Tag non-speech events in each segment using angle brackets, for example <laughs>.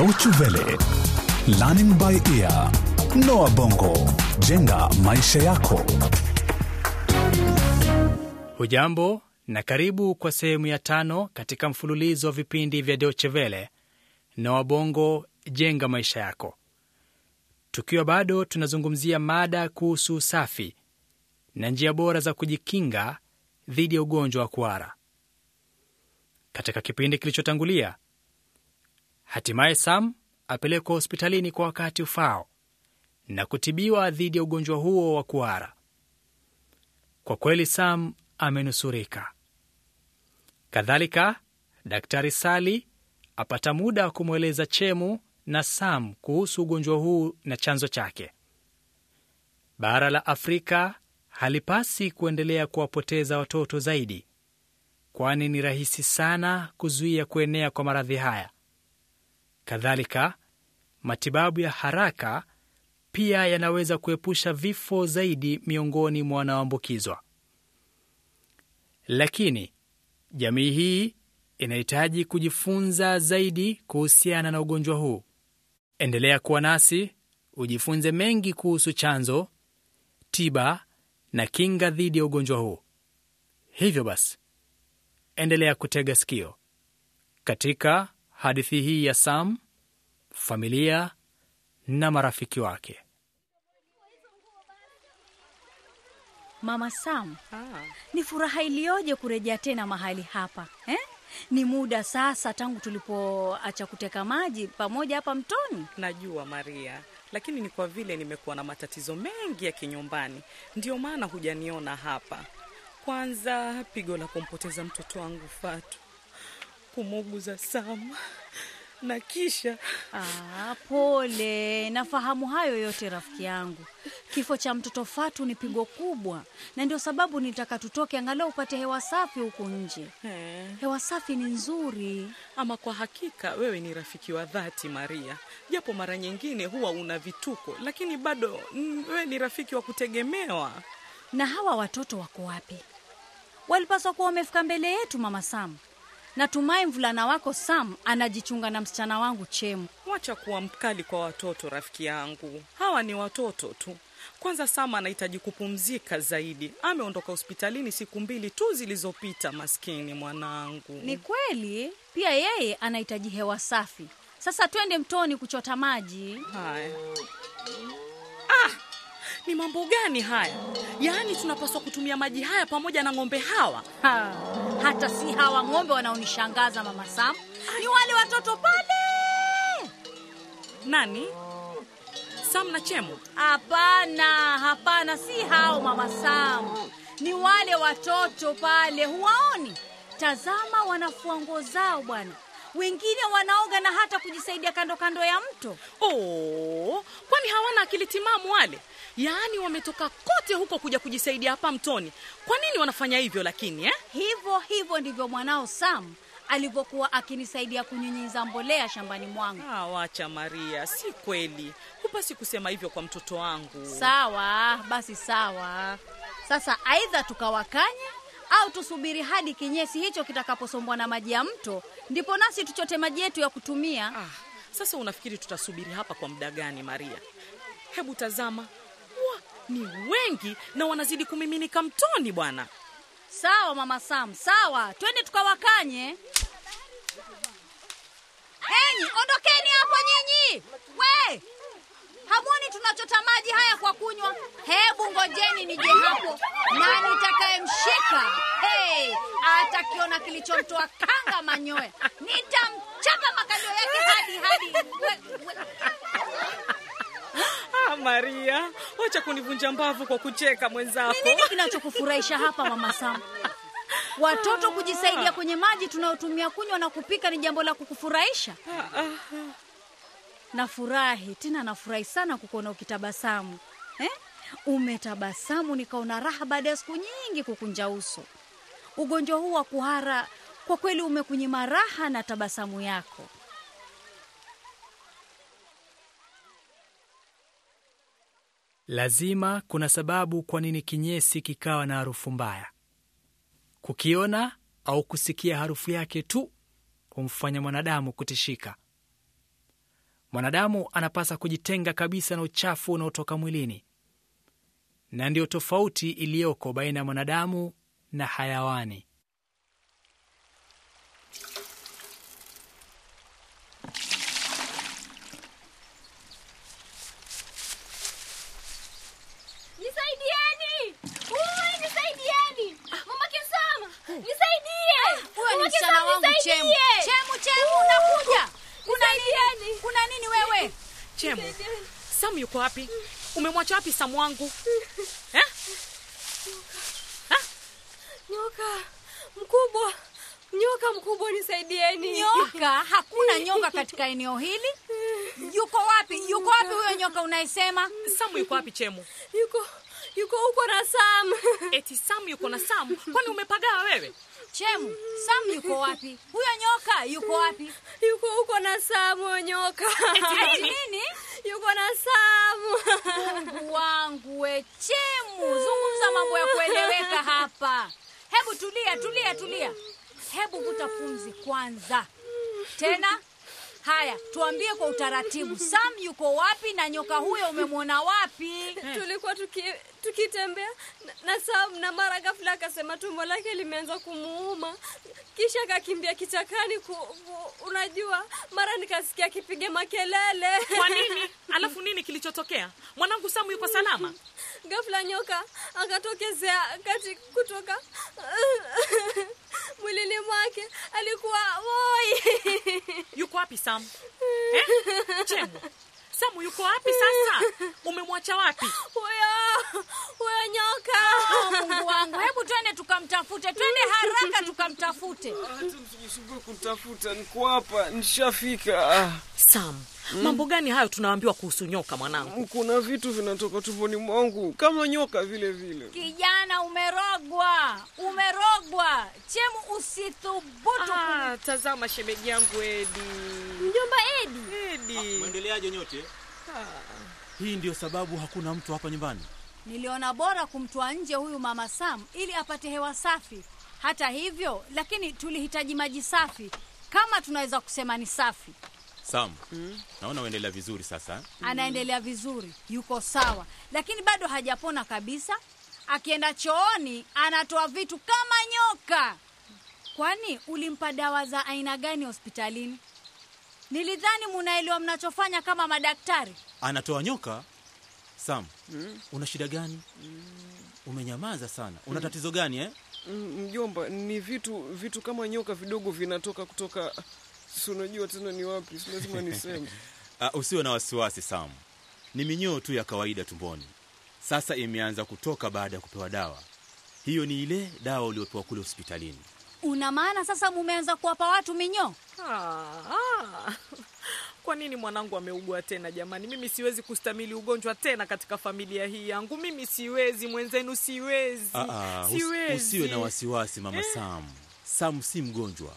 Welle, Learning by Ear, Noah Bongo, jenga maisha yako. Hujambo na karibu kwa sehemu ya tano katika mfululizo wa vipindi vya Deutsche Welle, Noah Bongo, jenga maisha yako, tukiwa bado tunazungumzia mada kuhusu usafi na njia bora za kujikinga dhidi ya ugonjwa wa kuhara. Katika kipindi kilichotangulia Hatimaye Sam apelekwa hospitalini kwa wakati ufao na kutibiwa dhidi ya ugonjwa huo wa kuhara. Kwa kweli Sam amenusurika. Kadhalika, Daktari sali apata muda wa kumweleza Chemu na Sam kuhusu ugonjwa huu na chanzo chake. Bara la Afrika halipasi kuendelea kuwapoteza watoto zaidi, kwani ni rahisi sana kuzuia kuenea kwa maradhi haya. Kadhalika, matibabu ya haraka pia yanaweza kuepusha vifo zaidi miongoni mwa wanaoambukizwa. Lakini jamii hii inahitaji kujifunza zaidi kuhusiana na ugonjwa huu. Endelea kuwa nasi ujifunze mengi kuhusu chanzo, tiba na kinga dhidi ya ugonjwa huu. Hivyo basi, endelea kutega sikio katika hadithi hii ya Sam, familia na marafiki wake. Mama Sam, ah, ni furaha iliyoje kurejea tena mahali hapa eh? Ni muda sasa tangu tulipoacha kuteka maji pamoja hapa mtoni. Najua Maria, lakini ni kwa vile nimekuwa na matatizo mengi ya kinyumbani, ndio maana hujaniona hapa. Kwanza pigo la kumpoteza mtoto wangu Fatu kumuuguza Sam na kisha ah, pole. Nafahamu hayo yote rafiki yangu. Kifo cha mtoto Fatu ni pigo kubwa, na ndio sababu nitaka tutoke angalau upate hewa safi huku nje. He. Hewa safi ni nzuri. Ama kwa hakika wewe ni rafiki wa dhati Maria, japo mara nyingine huwa una vituko, lakini bado mm, wewe ni rafiki wa kutegemewa. Na hawa watoto wako wapi? Walipaswa kuwa wamefika mbele yetu, mama Samu. Natumai mvulana wako Sam anajichunga na msichana wangu Chemu. Wacha kuwa mkali kwa watoto, rafiki yangu. Hawa ni watoto tu. Kwanza Sam anahitaji kupumzika zaidi, ameondoka hospitalini siku mbili tu zilizopita. Maskini mwanangu. Ni kweli, pia yeye anahitaji hewa safi. Sasa twende mtoni kuchota maji. Haya. Ah! Ni mambo gani haya? Yaani tunapaswa kutumia maji haya pamoja na ng'ombe hawa ha. Hata si hawa ng'ombe wanaonishangaza Mama Sam, ni wale watoto pale. Nani? Sam na Chemo? Hapana, hapana, si hao Mama Sam, ni wale watoto pale, huwaoni? Tazama, wanafua nguo zao bwana wengine wanaoga na hata kujisaidia kando kando ya mto. Oh, kwani hawana akili timamu wale? yaani wametoka kote huko kuja kujisaidia hapa mtoni kwa nini wanafanya hivyo lakini eh? hivyo hivyo ndivyo mwanao sam alivyokuwa akinisaidia kunyunyiza mbolea shambani mwangu ah, wacha maria si kweli hupasi kusema hivyo kwa mtoto wangu sawa basi sawa sasa aidha tukawakanye au tusubiri hadi kinyesi hicho kitakaposombwa na maji ya mto ndipo nasi tuchote maji yetu ya kutumia ah, sasa unafikiri tutasubiri hapa kwa muda gani maria hebu tazama ni wengi na wanazidi kumiminika mtoni bwana sawa mama sam sawa twende tukawakanye enyi ondokeni hapo nyinyi we hamwoni tunachota maji haya kwa kunywa hebu ngojeni nije hapo nani takayemshika hey, atakiona kilichomtoa kanga manyoya nitam Maria, wacha kunivunja mbavu kwa kucheka mwenzako. nini kinachokufurahisha hapa mama Sam? Watoto kujisaidia kwenye maji tunayotumia kunywa na kupika ni jambo la kukufurahisha? Ah, ah, ah. Nafurahi tena, nafurahi sana kukuona ukitabasamu eh? Umetabasamu nikaona raha baada ya siku nyingi kukunja uso. Ugonjwa huu wa kuhara kwa kweli umekunyima raha na tabasamu yako. lazima kuna sababu kwa nini kinyesi kikawa na harufu mbaya. Kukiona au kusikia harufu yake tu humfanya mwanadamu kutishika. Mwanadamu anapasa kujitenga kabisa na uchafu unaotoka mwilini, na ndiyo tofauti iliyoko baina ya mwanadamu na hayawani. Samu yuko wapi? Umemwacha wapi Samu wangu? Eh? eh? Nyoka mkubwa, nyoka mkubwa, nisaidieni. Nyoka? Hakuna nyoka katika eneo hili. Yuko wapi? Yuko wapi huyo nyoka unaisema? Samu yuko wapi? chemu yuko yuko huko na Sam. Eti Sam yuko na Sam? Kwani umepagawa wewe? Chemu, Sam yuko wapi? Huyo nyoka yuko wapi? Yuko huko na Sam, nyoka. Eti nini? yuko na Samu. Mungu wangu wechemu, zungumza mambo ya kueleweka hapa. Hebu tulia, tulia, tulia. Hebu vuta kwanza. Tena Haya, tuambie kwa utaratibu, <laughs> Sam yuko wapi na nyoka huyo umemwona wapi? <laughs> Tulikuwa tukitembea tuki na, na Sam na mara ghafla akasema tumbo lake limeanza kumuuma, kisha akakimbia kichakani ku, ku, unajua, mara nikasikia akipiga makelele. <laughs> Kwa nini? Alafu nini kilichotokea? Mwanangu Sam yuko salama? Ghafla nyoka akatokezea kati kutoka mwilini mwake, alikuwa woi wapi Sam? Eh? Chemu. Samu yuko wapi sasa? <laughs> Umemwacha wapi? Oya. Huyo <laughs> nyoka. Oh, Mungu wangu, hebu twende tukamtafute, twende haraka tukamtafute. Ah, Msisumbue kumtafuta, niko hapa, nishafika. Sam, mm. Mambo gani hayo tunaambiwa kuhusu nyoka mwanangu? Kuna vitu vinatoka tumboni mwangu kama nyoka vile vile. Kijana, umerogwa, umerogwa. Chemu, usithubutu. Ah, tazama shemeji yangu Edi. Mjomba Edi. Edi. Ah, Muendeleaje nyote? Ah. Hii ndio sababu hakuna mtu hapa nyumbani. Niliona bora kumtoa nje huyu mama Sam ili apate hewa safi. Hata hivyo, lakini tulihitaji maji safi, kama tunaweza kusema ni safi. Sam, mm. naona uendelea vizuri sasa. Anaendelea vizuri, yuko sawa, lakini bado hajapona kabisa. Akienda chooni anatoa vitu kama nyoka. Kwani ulimpa dawa za aina gani hospitalini? Nilidhani munaelewa mnachofanya kama madaktari. Anatoa nyoka? Sam, mm. una shida gani? mm. Umenyamaza sana, una tatizo gani eh? Mm, mjomba, ni vitu vitu kama nyoka vidogo vinatoka kutoka, si unajua tena ni wapi, si lazima niseme. Uh, <laughs> usiwe na wasiwasi Sam, ni minyoo tu ya kawaida tumboni, sasa imeanza kutoka baada ya kupewa dawa. Hiyo ni ile dawa uliopewa kule hospitalini. Una maana sasa mumeanza kuwapa watu minyoo? Ah, ah kwa nini mwanangu ameugua tena jamani? Mimi siwezi kustamili ugonjwa tena katika familia hii yangu, mimi siwezi, mwenzenu siwezi. Aa, ah, ah, siwezi. Usiwe na wasiwasi mama eh. Sam, Sam si mgonjwa.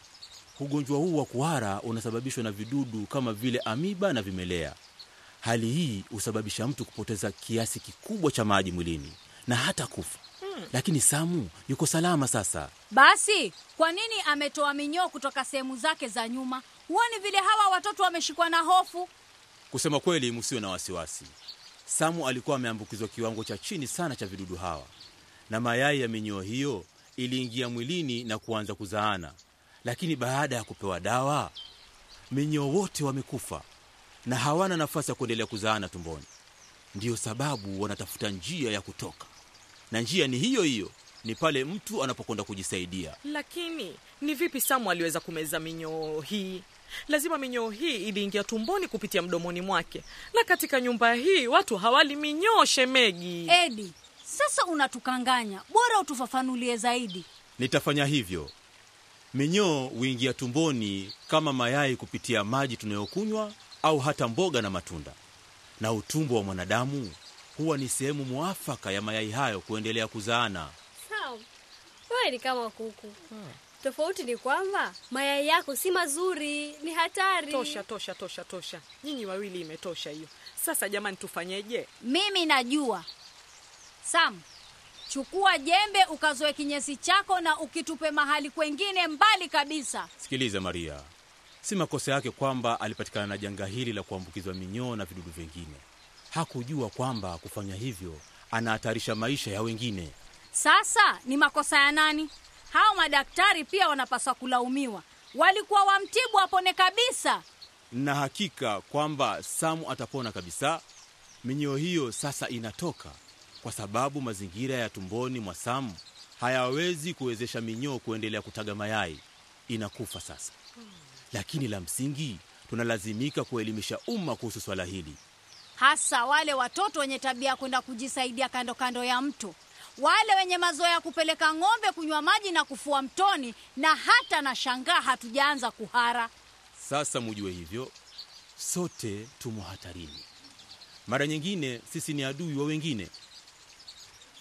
Ugonjwa huu wa kuhara unasababishwa na vidudu kama vile amiba na vimelea. Hali hii husababisha mtu kupoteza kiasi kikubwa cha maji mwilini na hata kufa hmm. Lakini Samu yuko salama sasa. Basi kwa nini ametoa minyoo kutoka sehemu zake za nyuma Huoni vile hawa watoto wameshikwa na hofu? Kusema kweli, msiwe na wasiwasi. Samu alikuwa ameambukizwa kiwango cha chini sana cha vidudu hawa, na mayai ya minyoo hiyo iliingia mwilini na kuanza kuzaana, lakini baada ya kupewa dawa, minyoo wote wamekufa na hawana nafasi ya kuendelea kuzaana tumboni. Ndiyo sababu wanatafuta njia ya kutoka, na njia ni hiyo hiyo, ni pale mtu anapokwenda kujisaidia. Lakini ni vipi Samu aliweza kumeza minyoo hii? lazima minyoo hii iliingia tumboni kupitia mdomoni mwake, na katika nyumba hii watu hawali minyoo. Shemegi Edi, sasa unatukanganya, bora utufafanulie zaidi. Nitafanya hivyo. Minyoo huingia tumboni kama mayai kupitia maji tunayokunywa au hata mboga na matunda, na utumbo wa mwanadamu huwa ni sehemu mwafaka ya mayai hayo kuendelea kuzaana. Sawa, kama kuku hmm. Tofauti ni kwamba mayai yako si mazuri, ni hatari. Tosha, tosha, tosha, tosha. Nyinyi wawili imetosha hiyo. Sasa jamani, tufanyeje? Mimi najua. Sam, chukua jembe ukazoe kinyesi chako na ukitupe mahali kwengine mbali kabisa. Sikiliza Maria, si makosa yake kwamba alipatikana na janga hili la kuambukizwa minyoo na vidudu vingine. Hakujua kwamba kufanya hivyo anahatarisha maisha ya wengine. Sasa ni makosa ya nani? hao madaktari pia wanapaswa kulaumiwa. Walikuwa wamtibu apone kabisa, na hakika kwamba Samu atapona kabisa. Minyoo hiyo sasa inatoka kwa sababu mazingira ya tumboni mwa Samu hayawezi kuwezesha minyoo kuendelea kutaga mayai, inakufa sasa. Lakini la msingi, tunalazimika kuelimisha umma kuhusu swala hili, hasa wale watoto wenye tabia ya kwenda kujisaidia kando kando ya mto. Wale wenye mazoea ya kupeleka ng'ombe kunywa maji na kufua mtoni, na hata na shangaa hatujaanza kuhara. Sasa mujue hivyo, sote tumo hatarini. Mara nyingine sisi ni adui wa wengine,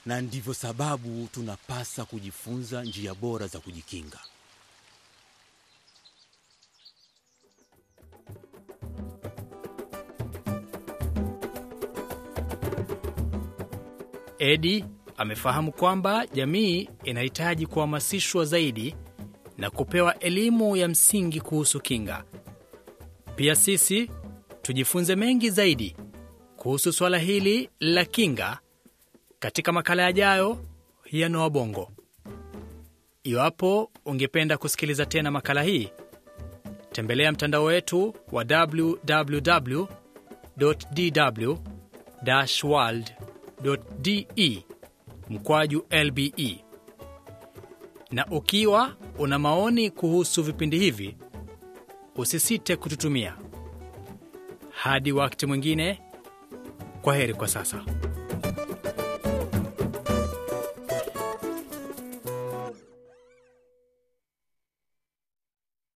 na ndivyo sababu tunapasa kujifunza njia bora za kujikinga. Edi amefahamu kwamba jamii inahitaji kuhamasishwa zaidi na kupewa elimu ya msingi kuhusu kinga. Pia sisi tujifunze mengi zaidi kuhusu swala hili la kinga katika makala yajayo ya Noa Bongo. Iwapo ungependa kusikiliza tena makala hii, tembelea mtandao wetu wa www.dw-world.de mkwaju LBE. Na ukiwa una maoni kuhusu vipindi hivi, usisite kututumia. Hadi wakati mwingine, kwa heri kwa sasa.